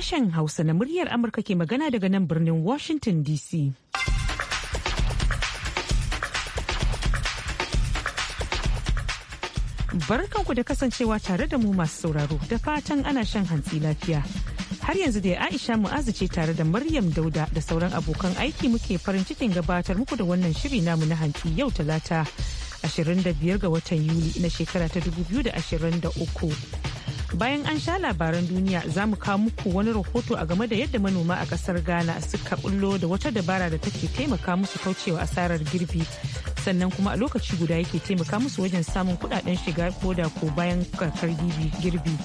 sashen Hausa na muryar Amurka ke magana daga nan birnin Washington DC. Barkanku da kasancewa tare da mu masu sauraro da fatan ana shan hantsi lafiya. Har yanzu dai Aisha Mu'azu ce tare da Maryam Dauda da sauran abokan aiki muke farin cikin gabatar muku da wannan shiri namu na hantsi yau talata 25 ga watan Yuli na shekara ta 2023. Bayan an sha labaran duniya za mu kawo muku wani rahoto a game da yadda manoma a kasar Ghana suka bullo da wata dabara da take taimaka musu kaucewa asarar girbi. Sannan kuma a lokaci guda yake taimaka musu wajen samun kudaden shiga koda ko bayan kakar girbi.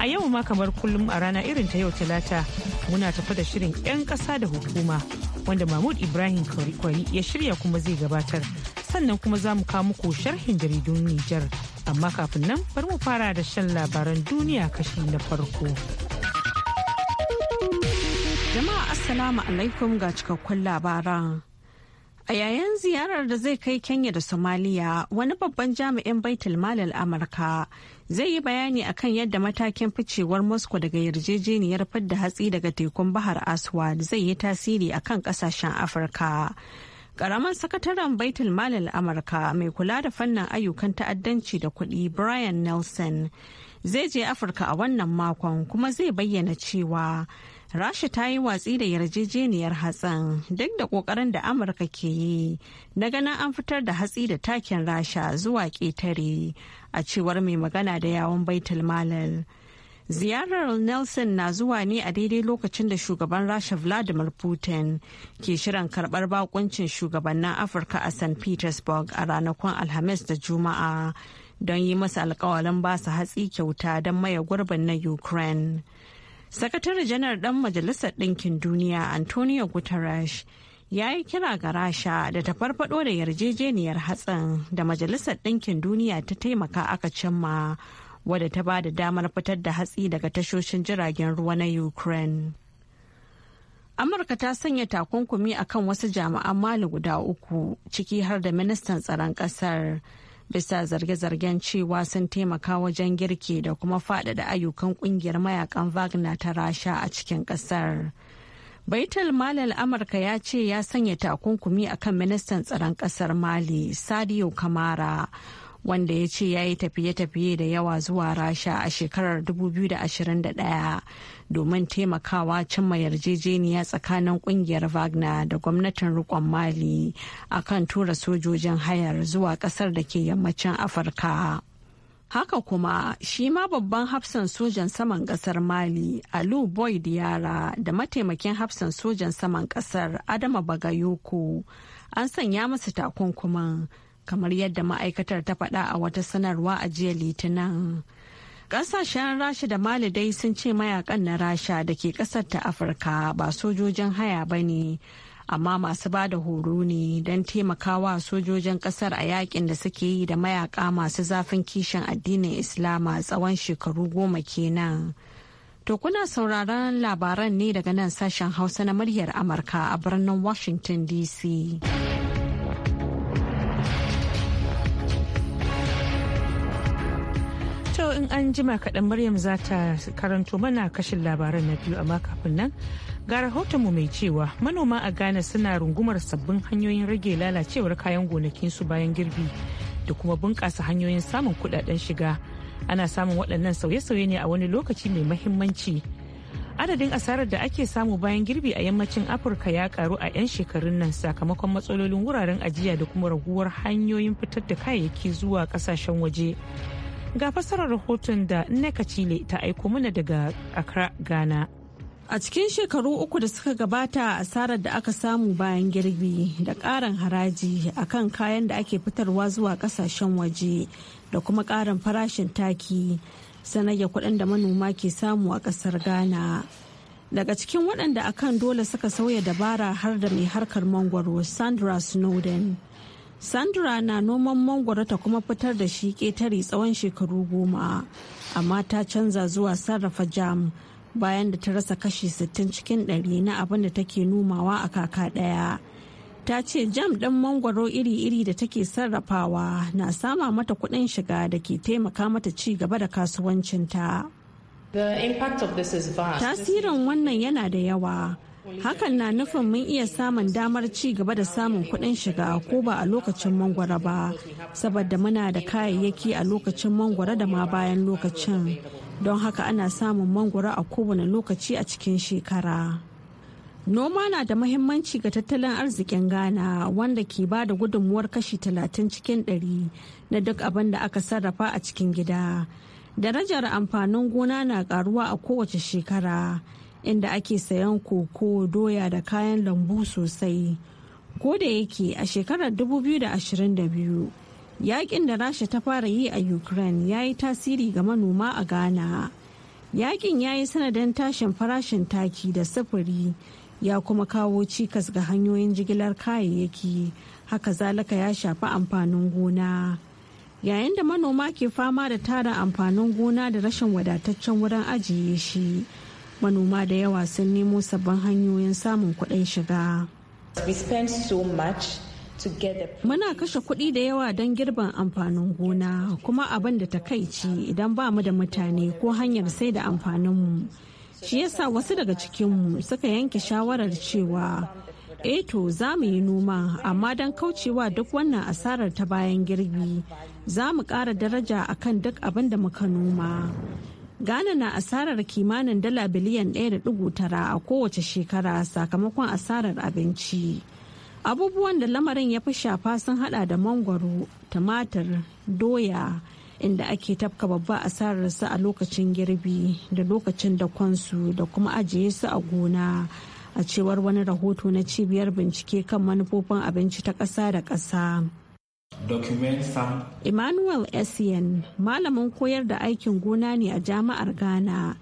A yau ma kamar kullum a rana irin ta yau talata muna tafa da shirin 'yan kasa da hukuma wanda Mahmud Ibrahim Kwari ya shirya kuma zai gabatar. Sannan kuma za mu kawo muku sharhin jaridun Nijar. amma kafin nan bari mu fara da shan labaran duniya kashi na farko. Jama'a Assalamu alaikum ga cikakkun labaran. A yayin ziyarar da zai kai Kenya da Somalia, wani babban jami'in baitul malal Amurka zai yi bayani akan yadda matakin ficewar Moscow daga yarjejeniyar fidda hatsi daga tekun Bahar Aswad zai yi tasiri akan kasashen Afirka. Ƙaramin sakataren baitul malal Amurka mai kula da fannin ayyukan ta'addanci da kuɗi Brian Nelson zai je Afirka a wannan makon kuma zai bayyana cewa Rasha ta yi watsi da yarjejeniyar hatsin duk da ƙoƙarin da Amurka ke yi na ganin an fitar da hatsi da takin Rasha zuwa ƙetare a cewar mai magana da yawon baitul malal. Ziyarar Nelson na zuwa ne a daidai lokacin da shugaban Rasha Vladimir Putin ke shirin karbar bakuncin shugabannin Afirka a St. Petersburg a ranakun Alhamis da Juma'a don yi masa alkawalin ba su hatsi kyauta don maye gurbin na Ukraine. Sakatare janar ɗan Majalisar Ɗinkin Duniya Antonio Guterres ya yi kira ga Rasha da ta farfado da yarjejeniyar hatsin da Majalisar Ɗinkin Duniya ta taimaka aka cimma. wadda ta ba da damar fitar da hatsi daga tashoshin jiragen ruwa na ukraine amurka ta sanya takunkumi akan wasu jami'an mali guda uku ciki har da ministan tsaron kasar bisa zarge-zargen cewa sun taimaka wajen girki da kuma faɗaɗa ayyukan ƙungiyar mayakan wagner ta rasha a cikin ƙasar. baitul malal amurka ya ce ya sanya takunkumi akan ministan tsaron ƙasar mali sadio kamara wanda ya ce ya yi tafiye-tafiye da yawa zuwa rasha a shekarar 2021 domin taimakawa cimma yarjejeniya tsakanin kungiyar wagner da gwamnatin rikon mali a kan tura sojojin hayar zuwa kasar da ke yammacin afirka haka kuma shi ma babban hafsan sojan saman kasar mali alu boy yara da mataimakin hafsan sojan saman kasar adama bagayoko an sanya masu takunkuman kamar yadda ma'aikatar ta faɗa a wata sanarwa a jiya litinin. Ƙasashen Rasha da Mali sun ce mayakan na Rasha da ke ƙasar ta Afirka ba sojojin haya ba ne, amma masu ba da horo ne don taimakawa sojojin ƙasar a yakin da suke yi da mayaka masu zafin kishin addinin Islama tsawon shekaru goma kenan. To kuna sauraron labaran ne daga nan sashen Hausa na muryar Amurka a birnin Washington DC. in an jima kaɗan Maryam za ta karanto mana kashin labaran na biyu amma kafin nan ga mu mai cewa manoma a Ghana suna rungumar sabbin hanyoyin rage lalacewar kayan gonakinsu bayan girbi da kuma bunƙasa hanyoyin samun kuɗaɗen shiga. Ana samun waɗannan sauye-sauye ne a wani lokaci mai mahimmanci. Adadin asarar da ake samu bayan girbi a yammacin Afirka ya karu a 'yan shekarun nan sakamakon matsalolin wuraren ajiya da kuma raguwar hanyoyin fitar da kayayyaki zuwa ƙasashen waje. Ga fassarar rahoton da Neka Chile ta aiko mana daga Accra, Ghana. A cikin shekaru uku da suka gabata a asarar da aka samu bayan girbi da ƙarin haraji a kan kayan da ake fitarwa zuwa ƙasashen waje da kuma ƙarin farashin taki sanayya kuɗin da manoma ke samu a ƙasar Ghana. Daga cikin waɗanda akan dole suka sauya dabara har da mai harkar mangwaro Sandra Snowden. Sandra na noman mangwaro ta kuma fitar da shi ƙetare tsawon shekaru goma, amma ta canza zuwa sarrafa jam bayan da ta rasa kashi 60 cikin ɗari na abin da take nomawa a kaka ɗaya. Ta ce jam ɗin mangwaro iri-iri da take sarrafawa na sama mata kuɗin shiga da ke taimaka mata ci gaba da kasuwancinta. Tasirin wannan yana da yawa. Hakan na nufin mun iya samun damar ci gaba da samun kuɗin shiga ko ba a lokacin mangwara ba, saboda muna da kayayyaki a lokacin mangwara da ma bayan lokacin. Don haka ana samun mangwara a kowane lokaci a cikin shekara. Noma na da mahimmanci ga tattalin arzikin Ghana wanda ke ba da gudunmuwar kashi talatin cikin 100 na duk abin da aka sarrafa a cikin gida. Darajar amfanin gona na karuwa a kowace shekara. inda ake sayan koko doya da kayan lambu sosai ko da yake a shekarar 2022 yakin da rasha ta fara yi a ukraine ya yi tasiri ga manoma a ghana yakin ya yi sanadin tashin farashin taki da sufuri ya kuma kawo cikas ga hanyoyin jigilar kayayyaki haka zalika ya shafi amfanin gona yayin da manoma ke fama da tara amfanin gona da rashin wadataccen wurin ajiye shi manoma da yawa sun nemo sabbin hanyoyin samun kuɗin shiga Muna kashe kuɗi da yawa don girbin amfanin gona kuma abin da takaici idan ba mu da mutane ko hanyar sai da amfaninmu. Shi yasa wasu daga cikinmu suka yanke shawarar cewa eto eh za mu yi noma amma don kaucewa duk wannan asarar ta bayan girbi za mu ƙara daraja akan duk abin da muka noma. Ghana na asarar kimanin dala biliyan 1.9 a kowace shekara sakamakon asarar abinci. Abubuwan da lamarin ya fi shafa sun hada da mangwaro, tumatir, doya, inda ake tafka babba asarar su a lokacin girbi da lokacin da kwansu da kuma ajiye su a gona. A cewar wani rahoto na cibiyar bincike kan manufofin abinci ta ƙasa da ƙasa. Emmanuel Essien malamin koyar da aikin gona ne a jama'ar Ghana.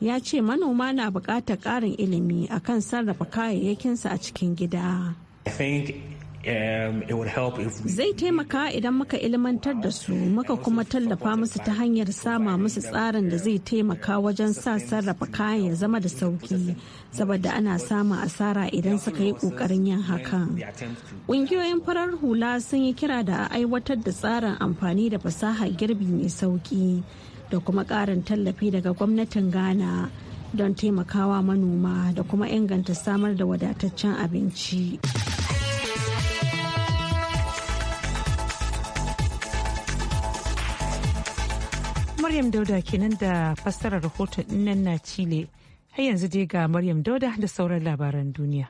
Ya ce manoma na buƙatar ƙarin ilimi akan sarrafa kayayyakinsa a cikin gida. Zai taimaka idan muka ilmantar da su muka kuma tallafa musu ta hanyar sama musu tsarin da zai taimaka wajen sa sarrafa kayan ya zama da sauki saboda ana samun asara idan suka yi kokarin yin hakan. Ƙungiyoyin farar hula sun yi kira da a aiwatar da tsarin amfani da fasaha girbi mai sauki da kuma ƙarin tallafi daga gwamnatin Ghana don taimakawa manoma da kuma inganta samar da wadataccen abinci. Maryam Dauda kenan da fassarar rahoton nan na Chile. Har yanzu dai ga Maryam Dauda da sauran labaran duniya.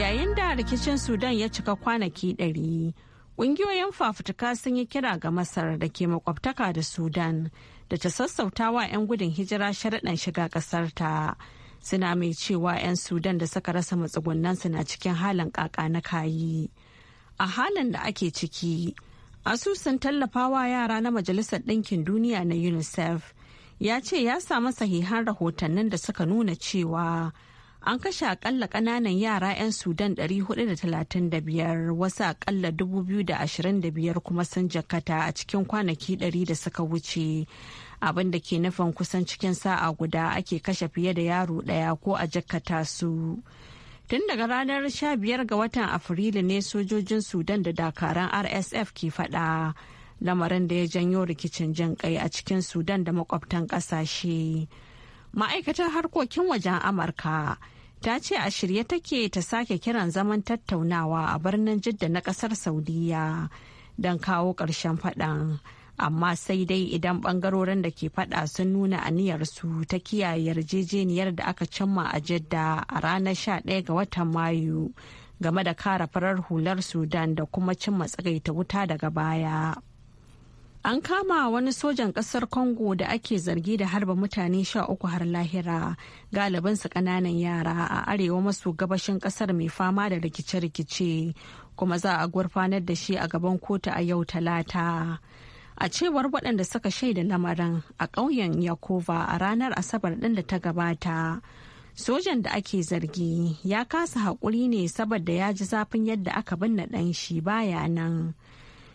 Yayin da rikicin Sudan ya cika kwanaki ɗari, ƙungiyoyin fafutuka sun yi kira ga Masar da ke makwabtaka da Sudan da ta sassauta wa 'yan gudun hijira sharaɗin shiga ƙasarta. Suna mai cewa 'yan Sudan da suka rasa matsugunansu na cikin halin ƙaƙa na kayi. A halin da ake ciki, Asusun tallafawa yara na Majalisar Ɗinkin Duniya na UNICEF ya ce ya samu sahihan rahotannin da suka nuna cewa an kashe akalla ƙananan yara 'yan Sudan 435 wasu akalla 225 kuma sun jakata a cikin kwanaki 100 da suka wuce. abinda ke nufin kusan cikin sa'a guda ake kashe fiye da yaro ɗaya ko a jakata su. Tun daga ranar 15 ga watan Afrilu ne sojojin Sudan da dakaran RSF ke fada lamarin da ya janyo rikicin jin a cikin Sudan da makwabtan kasashe. Ma'aikatar harkokin wajen Amurka ta ce a shirye take ta sake kiran zaman tattaunawa a birnin Jidda na kasar Saudiya don kawo ƙarshen faɗan. amma sai dai idan bangarorin da ke fada sun nuna aniyar su ta kiyaye yarjejeniyar da aka cimma a jidda a ranar 11 ga watan mayu game da kara farar hular sudan da kuma cimma tsagaita wuta daga baya an kama wani sojan kasar congo da ake zargi da harba mutane sha uku har lahira galibinsu kananan yara a arewa maso gabashin kasar mai fama da rikice-rikice kuma za a gurfanar da shi a gaban kotu a yau talata a cewar waɗanda suka shaida lamarin a ƙauyen yakova a ranar asabar ɗin da ta gabata sojan da ake zargi ya kasa haƙuri ne saboda ya ji zafin yadda aka binne ɗan shi baya nan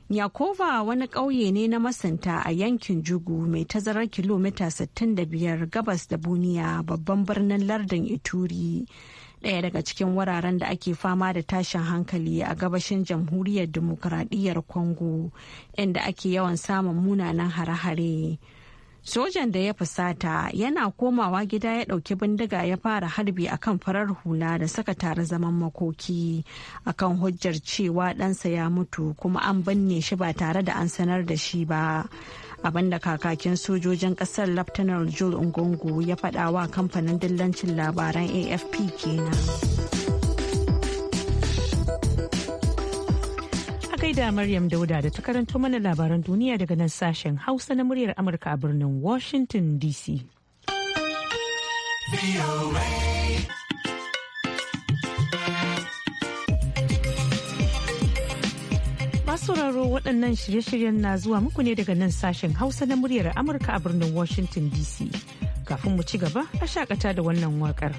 yakova wani ƙauye ne na masanta a yankin jugu mai tazarar kilomita 65 gabas da buniya babban birnin lardin ituri ɗaya daga cikin wuraren da ake fama da tashin hankali a gabashin jamhuriyar demokuraɗiyyar congo inda ake yawan samun munanan hare-hare sojan da ya fusata yana komawa gida ya ɗauki bindiga ya fara harbi akan farar hula da suka tare zaman makoki akan hujjar cewa ɗansa ya mutu kuma an binne shi ba tare da an sanar da shi ba abinda kakakin sojojin kasar laftanar jul ungungu ya faɗa wa kamfanin dillancin labaran afp kenan gaida Maryam Dauda da ta karanto mana labaran duniya daga nan sashen Hausa na muryar Amurka a birnin Washington DC. sauraro waɗannan shirye-shiryen na zuwa muku ne daga nan sashen Hausa na muryar Amurka a birnin Washington DC. Kafin mu ci gaba a shakata da wannan waƙar.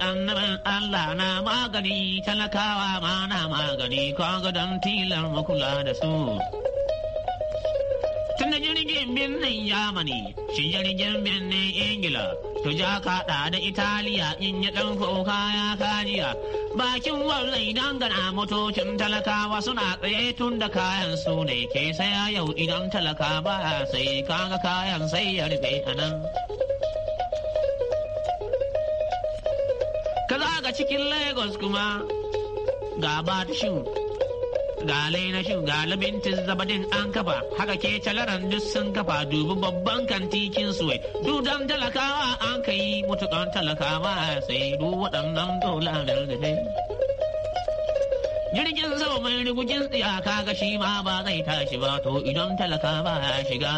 annaban Allah na magani talakawa ma na magani kaga don tilar makula da su. Tunda jirgin birnin Yamani, shi jirgin birnin Ingila, to ja kaɗa da Italiya in ya ɗan kuka ya kajiya. Bakin wallai dangana motocin talakawa suna tsaye tun da kayan su ne ke saya yau idan talaka ba sai kaga kayan sai ya rufe a nan. daga cikin Lagos kuma ga Batshin, ga Lainashin, ga Labintin Zabadin an kafa, haka ke calaran duk sun kafa dubi babban kantikin suwai, dudan talakawa an ka yi mutukan talakawa sai du waɗannan dolarar da Jirgin sama mai rigujin tsiyaka ga shi ma ba zai tashi ba to idan talaka ya shiga.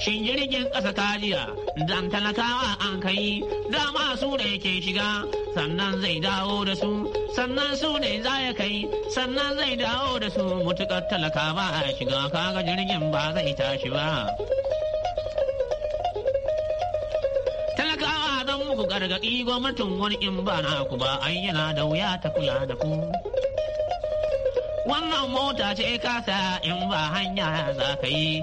Shin jirgin ƙasa ta jiya, dan talakawa an kai, dama su ne ke shiga, sannan zai dawo da su, sannan su ne za ya kai, sannan zai dawo da su mutuƙar talaka ba a shiga, kaga jirgin ba zai tashi ba. Talakawa don muku gargaɗi gwamnatin wani in ba na ku ba, ai yana da wuya ta kula da ku. Wannan mota ce kasa in ba hanya za ka yi.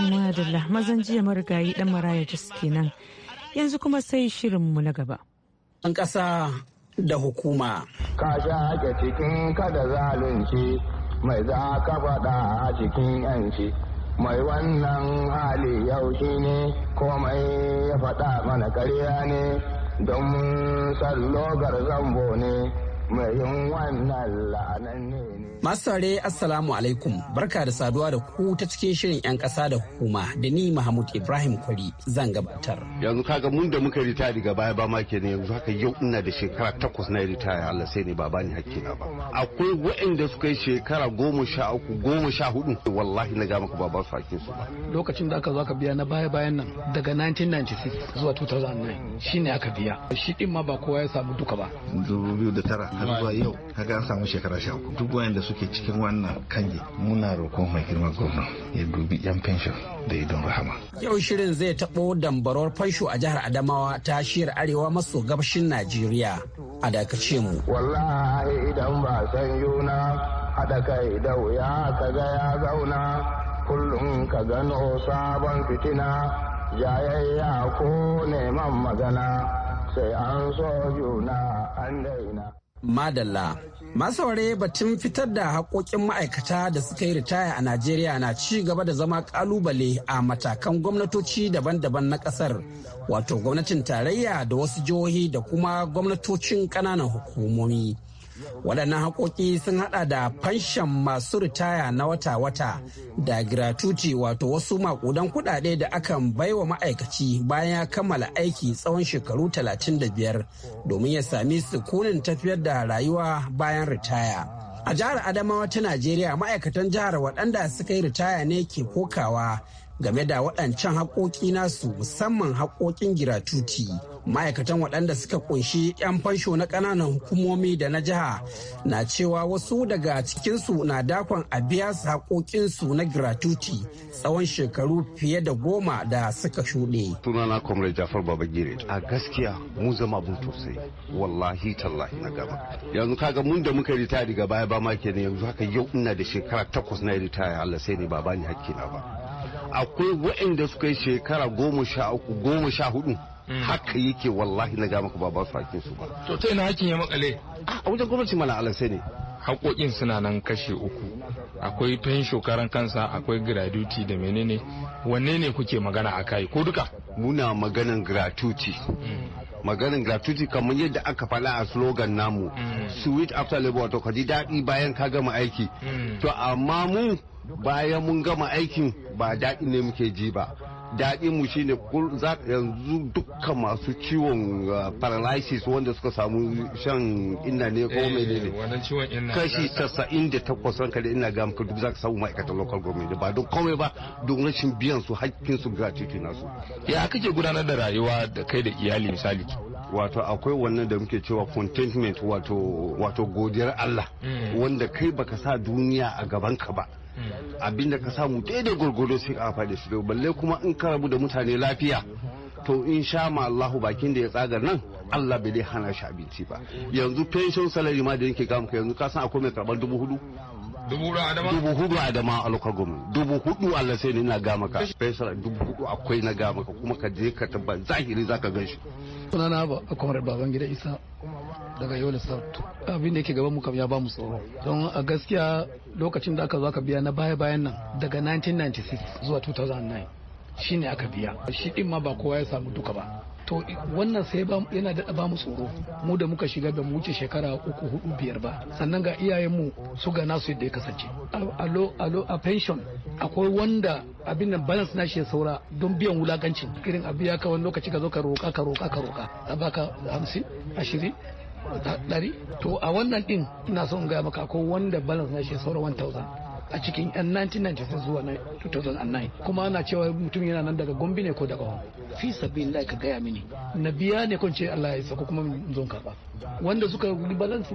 da mazan jiya marigayi dan maraya jis kenan yanzu kuma sai shirin mu na gaba. An ƙasa da hukuma. Ka sha ake cikin kada zalunci mai za ka faɗa a cikin yanci. Mai wannan hali yau shi ne komai ya faɗa mana karya ne don sallogar zambo ne mai yin wannan la'anan ne. Masu saurare Assalamu alaikum barka da saduwa da ku ta cikin shirin 'yan ƙasa da hukuma da ni Mahmud Ibrahim Kwari zan gabatar. Yanzu kaga mun da muka ritaya daga baya ba ma ne yanzu haka yau ina da shekara takwas na ritaya Allah sai ne ba bani na ba. Akwai waɗanda suka yi shekara goma sha uku goma sha hudu wallahi na ga maka ba ba su hakki su ba. Lokacin da aka zo aka biya na baya bayan nan daga 1996 zuwa 2009 shine aka biya. Shi din ma ba kowa ya samu duka ba. 2009 har zuwa yau kaga an samu shekara sha uku duk wanda suke cikin wannan kangi muna roƙon mai girma gwamna ya dubi yan fenshon da idon rahama yau shirin zai taɓo dambarar fansho a jihar adamawa ta shiyar arewa maso gabashin najeriya a dakace mu wallahi idan ba san yuna haɗa kai da wuya ka ga ya zauna kullum ka gano sabon fitina jayayya ko neman magana sai an so juna an daina madalla Masu ware batun fitar da haƙoƙin ma'aikata da suka yi ritaya a Najeriya na ci gaba da zama kalubale a matakan gwamnatoci daban-daban na ƙasar, wato gwamnatin tarayya da wasu jihohi da kuma gwamnatocin ƙananan hukumomi. waɗannan haƙoƙi sun haɗa da fanshan masu ritaya na wata-wata da giratuti wato wasu makudan kuɗaɗe da akan baiwa ma'aikaci bayan ya kammala aiki tsawon shekaru 35 domin ya sami sukunin tafiyar da rayuwa bayan ritaya. A jihar Adamawa ta Najeriya ma'aikatan jihar waɗanda suka yi ritaya ne ke kokawa game da waɗancan haƙoƙi nasu musamman haƙoƙin giratuti ma'aikatan waɗanda suka kunshi 'yan fansho na ƙananan hukumomi da na jiha na cewa wasu daga cikinsu na dakon a biya su haƙoƙinsu na giratuti tsawon shekaru fiye da goma da suka shuɗe. sunana comrade jafar babagire a gaskiya mu zama mun sosai wallahi tallahi na gaba yanzu kaga mun da muka ritaya daga baya ba ma kenan yanzu haka yau ina da shekara takwas na ritaya allah sai ne ba bani hakki ba akwai waɗanda suka yi shekara goma sha uku goma sha hudu hmm. haka yake wallahi na ga maka ba ba su hakin su ba to ta ina hakin ya makale a wajen gwamnati mana alasai ne haƙoƙin suna nan kashe uku akwai fensho karan kansa akwai gratuity da menene wanne ne kuke magana a kai ko duka muna maganan gratuity hmm. maganin gratuity kamar yadda aka faɗa a slogan namu hmm. sweet after labor to ka ji daɗi bayan ka gama aiki to amma mu bayan mun gama aikin ba daɗi ne muke ji ba daɗi mu shine yanzu dukkan masu ciwon uh, paralysis wanda suka samu shan inna ne ko eh, mene ne kashi tasa'in da takwas ranka da ina ga maka duk za ka samu ma'aikatan local government ba don komai ba don rashin biyan su hakkin su ga gratuity nasu ya kake gudanar da rayuwa da kai da iyali misali wato akwai wannan da muke cewa contentment wato wato godiyar Allah mm. wanda kai baka sa duniya a gaban ka ba abinda ka samu daidai gwargwado sai ka faɗi su balle kuma in ka rabu da mutane lafiya to in sha ma Allahu bakin da ya tsaga nan Allah bai dai hana shi abinci ba yanzu pension salary ma da yake ga muka yanzu ka san akwai mai karɓar dubu hudu dubu hudu a dama a local government dubu hudu Allah sai ne na gama ka Pension dubu hudu akwai na gama ka kuma ka je ka tabba zahiri zaka gan shi sunana ba a kwamar baban gida isa daga yola south abin da yake gaban mu kam ya bamu tsoro don a gaskiya lokacin da aka zo aka biya na baya bayan nan daga 1996 zuwa 2009 shine aka biya shi din ma ba kowa ya samu duka ba to wannan sai yana daɗa ba mu tsoro mu da muka shiga da mu wuce shekara uku hudu biyar ba sannan ga iyayenmu su ga nasu yadda ya kasance a pension akwai wanda abin nan balance na shi ya saura don biyan wulakancin irin abu ya wani lokaci ka zo ka roka ka roka ka roka a baka hamsin ashirin ɗari to a wannan ɗin ina son gaya maka ko wanda balance na shi sauran 1000 a cikin 'yan 1996 zuwa 2009 kuma ana cewa mutum yana nan daga gombe ne ko daga hon fi sabbin lai ka gaya mini na biya ne kun ce allah ya sako kuma zon karba wanda suka balance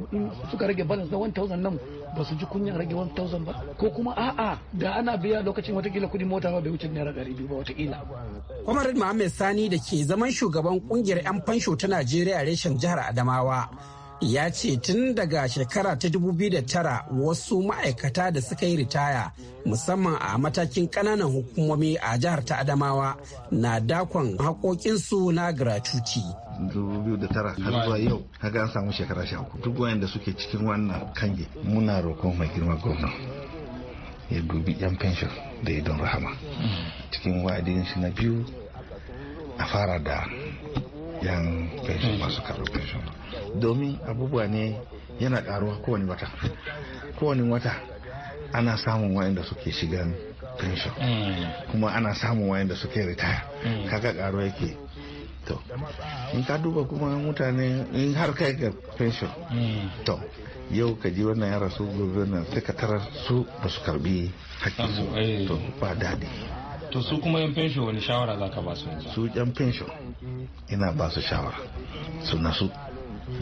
suka rage balance na 1000 nan ba su ji kunyar rage 1000 ba ko kuma a'a da ana biya lokacin watakila kudin mota ba bai wuce naira biyu ba watakila kwamarin muhammad sani da ke zaman shugaban kungiyar 'yan fansho ta najeriya reshen jihar adamawa ya ce tun daga shekara ta 2009 wasu ma'aikata da suka yi ritaya musamman a matakin ƙananan hukumomi a jihar ta adamawa na dakon haƙoƙinsu na gratuity. 2009 har zuwa yau kaga an samu shekara sha uku duk da suke cikin wannan kange muna roƙon mai girma gwamna ya dubi yan fenshin da ya don rahama cikin wa'adin shi na biyu a fara da yan fenshin masu karo fenshin domin abubuwa ne yana karuwa kowane wata kowane wata ana samun wayanda suke shigan pension mm. kuma ana samun wayanda suke retire mm. kaga karuwa yake to in ka duba kuma mutane in har kai ga pension mm. to yau ka ji wannan ya rasu gobernan wannan sai ka tarar su ba su karbi hakkin su eh. to ba daɗi to su kuma yan pension wani shawara za ka ba su yanzu su yan pension ina ba su shawara su nasu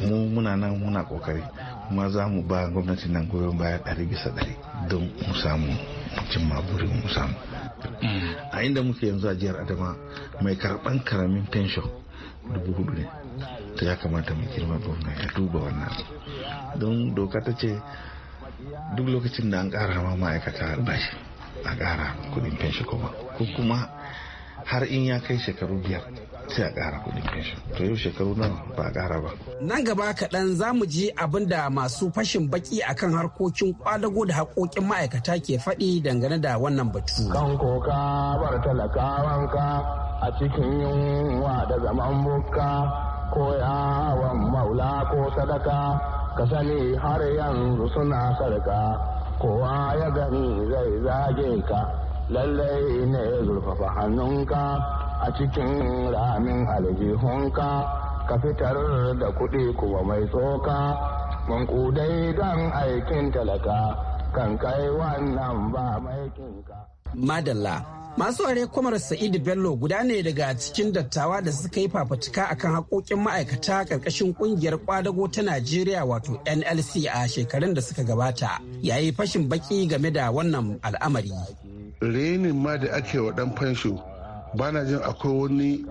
mu muna nan muna kokari kuma za mu ba gwamnatin nan goyon baya ɗari bisa ɗari don mu samu cimma buri mu samu a inda muke yanzu a jihar adama mai karɓan karamin pension dubu hudu ne ta ya kamata mu girma gwamna ya duba wannan don doka ta ce duk lokacin da an ƙara ma ma'aikata albashi a ƙara kuɗin pension kuma ko kuma har in ya kai shekaru biyar sai a ƙara kuɗin pension eh. to yau shekaru nan ba a ƙara ba nan gaba kaɗan za mu ji abin da masu fashin baki akan harkokin kwadago da haƙoƙin ma'aikata ke faɗi dangane da wannan batu kan koka bar talakawanka a cikin yunwa da zaman buka ko yawon maula ko sadaka ka sani har yanzu suna sarka kowa ya gani zai zage ka lallai ne zurfafa hannunka a cikin ramin aljihunka ka fitar da kuɗi kuwa mai tsoka mankudai don aikin talaka kan kai wannan ba maikinka. Madalla Masu ware kwamar Sa'idu Bello guda ne daga cikin dattawa da suka yi fafutuka akan haƙoƙin ma'aikata ƙarƙashin ƙungiyar ƙwadago ta Najeriya wato NLC a shekarun da suka gabata. Yayi fashin baki game da wannan al'amari. Renin ma da ake wa ɗan fansho bana jin akwai wani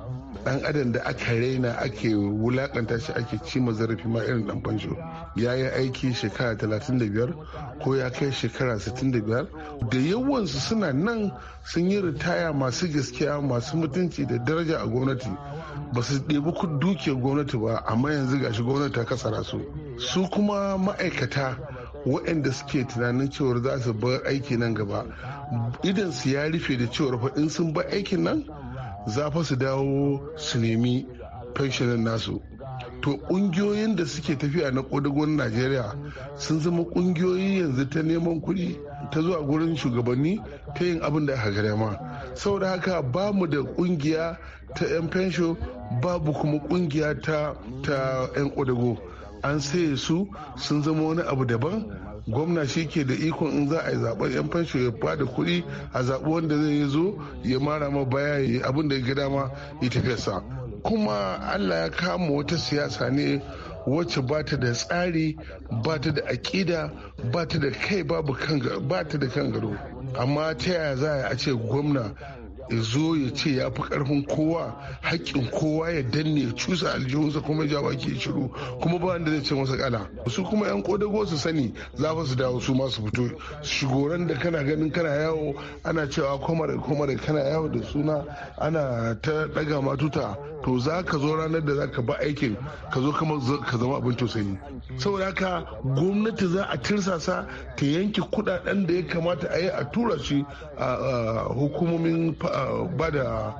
dan adam da aka raina ake wulakanta shi ake ci zarafi ma irin dan fansho ya yi aiki shekara 35 ko ya kai shekara 65 da yawansu suna nan sun yi ritaya masu gaskiya masu mutunci da daraja a gwamnati ba su ɗebi dukiyar gwamnati ba amma yanzu gashi gwamnati ta kasara su su kuma ma'aikata waɗanda suke tunanin cewar za su bar aiki nan gaba idan su ya rufe da cewar fa in sun bar aikin nan za fa su dawo su nemi fenshinan nasu to ƙungiyoyin da suke tafiya na ƙodagon najeriya sun zama ƙungiyoyi yanzu ta neman kuɗi ta zuwa gurin shugabanni ta yin abin da aka gada ma saboda haka ba mu da ƙungiya ta 'yan fensho babu kuma ƙungiya ta 'yan ƙodago an saye su sun zama wani abu daban gwamna shi ke da ikon in za a yi zaben yan fansho ya bada kuɗi a zaɓi wanda zai yi zo ya mara ma baya ya abin da ya ga dama ya sa kuma allah ya kama wata siyasa ne wacce ba ta da tsari ba ta da aƙida ba ta da kai babu ba ta da kan gado amma ta yaya za a ce gwamna ya zo ya ce ya fi karfin kowa haƙƙin kowa ya danne ya cusa aljihunsa kuma ja ke shiru kuma ba wanda zai ce masa kala su kuma yan kodago su sani za fa su dawo su ma su fito shigoran da kana ganin kana yawo ana cewa komare komare kana yawo da suna ana ta daga matuta to za ka zo ranar da za ka ba aikin ka zo kama ka zama abin tausayi saboda haka gwamnati za a tirsasa ta yanke kudaden da ya kamata a yi a tura shi a hukumomin ba da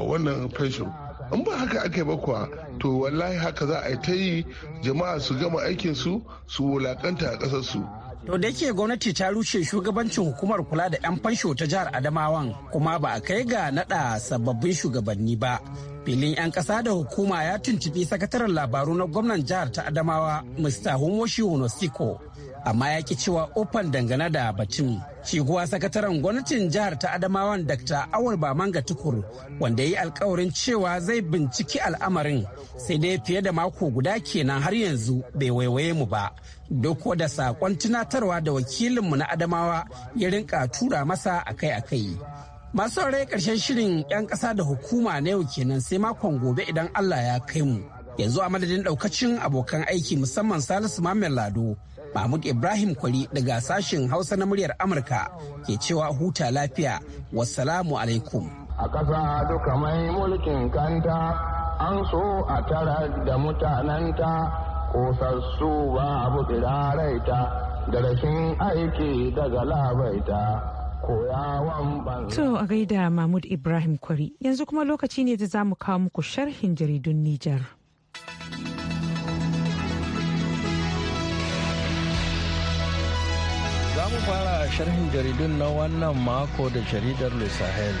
wannan fashion in ba haka aka yi kuwa to wallahi haka za a yi ta yi jama'a su gama aikinsu su wulakanta a ƙasarsu. To da yake gwamnati ta rushe shugabancin hukumar kula da 'yan fansho ta jihar Adamawan kuma ba a kai ga nada sababbin shugabanni ba. filin 'yan ƙasa da hukuma ya tuntubi sakataren labaru na gwamnan jihar ta adamawa mr homoshi honosiko amma ya ki cewa ofan dangane da batun shi sakataren gwamnatin jihar ta adamawan dr awal bamanga tukur wanda ya yi alkawarin cewa zai binciki al'amarin sai dai fiye da mako guda kenan har yanzu bai waiwaye mu ba duk da sakon tunatarwa da wakilinmu na adamawa ya rinka tura masa akai-akai Masu rai ƙarshen shirin 'yan ƙasa da hukuma na yau kenan sai makon gobe idan Allah ya kai mu. Yanzu a madadin ɗaukacin abokan aiki musamman Salisu Mamman Lado, Mahmud Ibrahim Kwari daga sashen Hausa na muryar Amurka ke cewa huta lafiya. Wassalamu alaikum. A ƙasa duka mai mulkin kanta, an so a tara da mutananta, ƙosassu ba abu da rashin aiki daga labaita. To a gaida Mahmud Ibrahim Kwari yanzu kuma lokaci ne da za mu kawo muku sharhin jaridun Nijar. Za mu fara sharhin jaridun na wannan mako da jaridar Lusahel.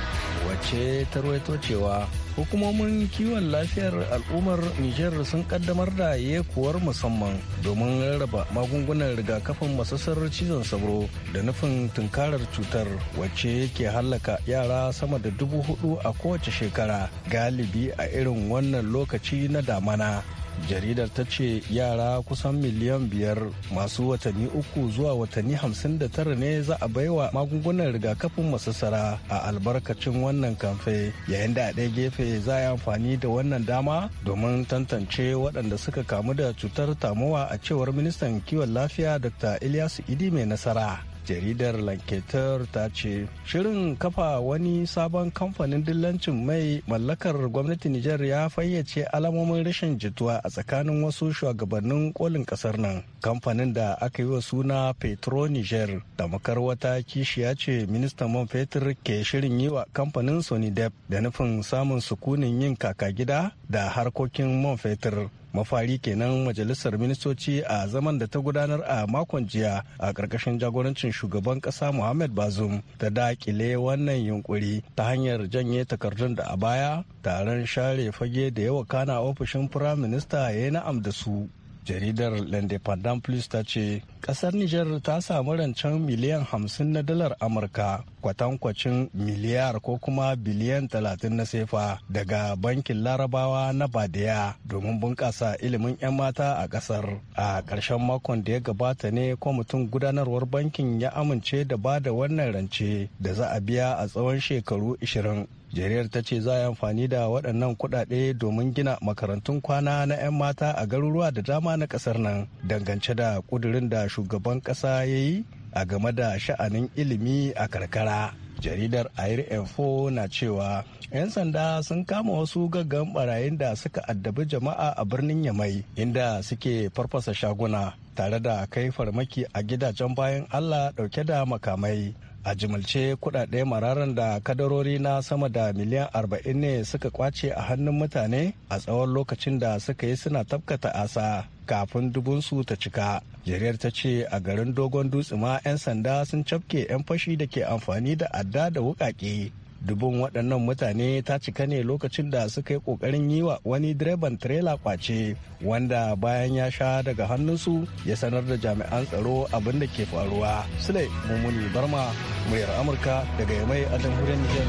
wacce ta ruwaito cewa hukumomin kiwon lafiyar al'ummar Nijar sun kaddamar da yekuwar musamman domin rarraba magungunan rigakafin masasar cizon sauro da nufin tunkarar cutar wacce ke hallaka yara sama da dubu hudu a kowace shekara galibi a irin wannan lokaci na damana jaridar ta ce yara kusan miliyan biyar masu watanni uku zuwa watanni hamsin da tara ne za a baiwa magungunan rigakafin masassara a albarkacin wannan kamfe yayin da a ɗaya gefe za a yi amfani da wannan dama domin tantance waɗanda suka kamu da cutar tamowa a cewar ministan kiwon lafiya dr ilyasu idi mai nasara jaridar lanketer ta ce shirin kafa wani sabon kamfanin dillancin mai mallakar gwamnati nijar ya fayyace alamomin rashin jituwa a tsakanin wasu shugabannin kolin kasar nan kamfanin da aka yi wa suna petro niger da makar wata kishiya ce ministan man fetur ke shirin yi wa kamfanin sonidep da nufin samun sukunin yin kaka gida da harkokin man fetur mafari kenan majalisar ministoci a zaman da ta gudanar a makon jiya a ƙarƙashin jagorancin shugaban ƙasa muhammad bazum ta daƙile wannan yunkuri ta hanyar janye takardun da a baya taron share fage da yawa kana ofishin firaminista ya yi na'am da su jaridar l'independent plus ta ce kasar niger ta samu rancen miliyan hamsin na dalar amurka kwatankwacin miliyar ko kuma biliyan talatin na sefa daga bankin larabawa na badiya domin bunƙasa ilimin 'yan mata a ƙasar a ƙarshen makon da ya gabata ne mutum gudanarwar bankin ya amince da ba da wannan rance da za a biya a tsawon shekaru 20 jariyar ta ce za a yi amfani da waɗannan kuɗaɗe domin gina makarantun kwana na 'yan mata a garuruwa da dama na ƙasar nan dangance da ƙudurin da shugaban ƙasa ya yi a game da sha'anin ilimi a karkara jaridar air info na cewa 'yan sanda sun kama wasu gaggan barayin da suka addabi jama'a a birnin yamai inda suke farfasa shaguna tare da kai farmaki a gidajen bayan allah dauke da makamai a jimilce kudade mararan da kadarori na sama da miliyan 40 ne suka kwace a hannun mutane a tsawon lokacin da suka yi suna tafkata asa kafin dubunsu ta cika jariyar ta ce a garin dogon dutse ma 'yan sanda sun cafke 'yan fashi da ke amfani da adda da wukaki. dubun waɗannan mutane ta cika ne lokacin da suka yi ƙoƙarin yi wa wani direban tirela kwace wanda bayan ya sha daga hannunsu ya sanar da jami'an tsaro abin da ke faruwa sule mummuni barma muryar amurka daga yamai a jamhuriyar niger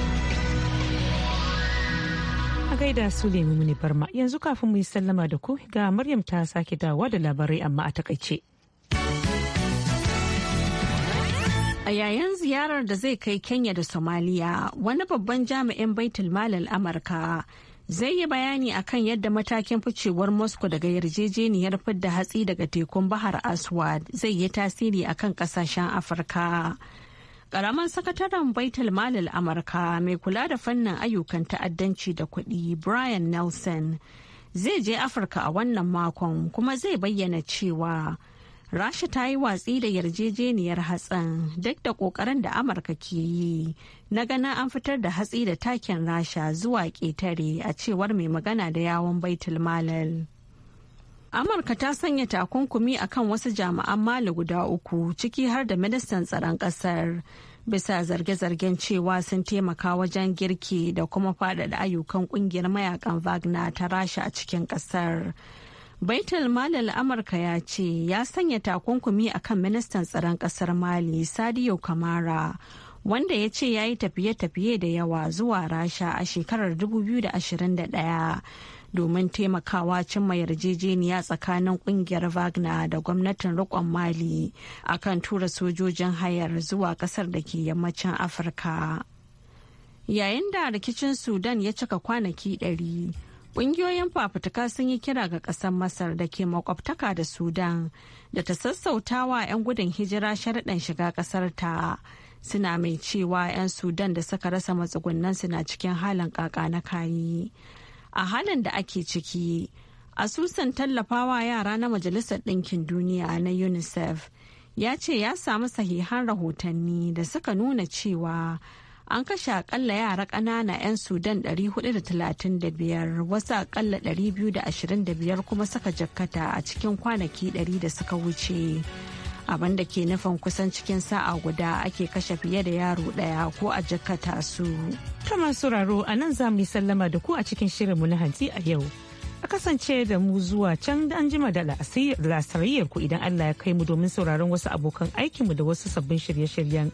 a gaida sule mummuni barma yanzu kafin mu yi sallama da ku ga maryam ta sake dawa da labarai amma a takaice. A yayin ziyarar da zai kai Kenya da Somalia, wani babban jami'in baitul malal Amurka zai yi bayani akan yadda matakin ficewar Moscow daga yarjejeniyar fidda hatsi daga tekun Bahar Aswad zai yi tasiri akan kasashen Afirka. Karamin sakataren baitul malal Amurka mai kula da fannin ayyukan ta'addanci da kuɗi Brian Nelson zai je Afirka a wannan makon kuma zai bayyana cewa. rasha ta yi watsi da yarjejeniyar hatsin duk da kokarin da amurka ke yi na gana an fitar da hatsi da takin rasha zuwa ƙetare a cewar mai magana da yawon baitul malal amurka ta sanya takunkumi akan wasu jami'an mali guda uku ciki har da ministan tsaron ƙasar bisa zarge-zargen cewa sun taimaka wajen girki da kuma faɗaɗa ayyukan ƙungiyar mayakan wagner ta rasha a cikin ƙasar. Baitul Malal Amurka ya ce ya sanya takunkumi a kan ministan tsaron Kasar Mali Sadio Kamara wanda ya ce ya yi tafiye-tafiye da yawa zuwa Rasha a shekarar 2021 domin taimakawa cimma yarjejeniya tsakanin kungiyar Wagner da gwamnatin riƙon Mali akan tura sojojin hayar zuwa kasar da ke yammacin Afirka. Yayin da rikicin Sudan ya cika kwanaki ɗari. Ƙungiyoyin fafutuka sun yi kira ga ƙasar Masar da ke makwabtaka da Sudan da ta sassautawa 'yan gudun hijira sharaɗin shiga ƙasar ta. Suna mai cewa 'yan Sudan da suka rasa su na cikin halin ƙaƙa na kayi. A halin da ake ciki, asusun tallafawa yara na Majalisar Ɗinkin Duniya na UNICEF ya ce ya samu sahihan rahotanni da suka nuna cewa an kashe akalla yara ƙanana 'yan sudan 435 wasu akalla 225 kuma suka jakkata a cikin kwanaki 100 da suka wuce abin da ke nufin kusan cikin sa'a guda ake kashe fiye da yaro ɗaya ko a jakkata su kamar sauraro a nan za mu yi sallama da ku a cikin shirinmu na hantsi a yau a kasance da mu zuwa can da an jima da lasariyar ku idan allah ya kai mu domin sauraron wasu abokan aikinmu da wasu sabbin shirye-shiryen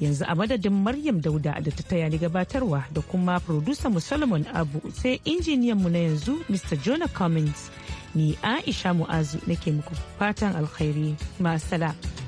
yanzu a madadin maryam dauda da ta taya ni gabatarwa da kuma producer mu solomon abu sai injiniyan mu na yanzu mr jonah cummins ni aisha mu'azu nake muku fatan alkhairi masala.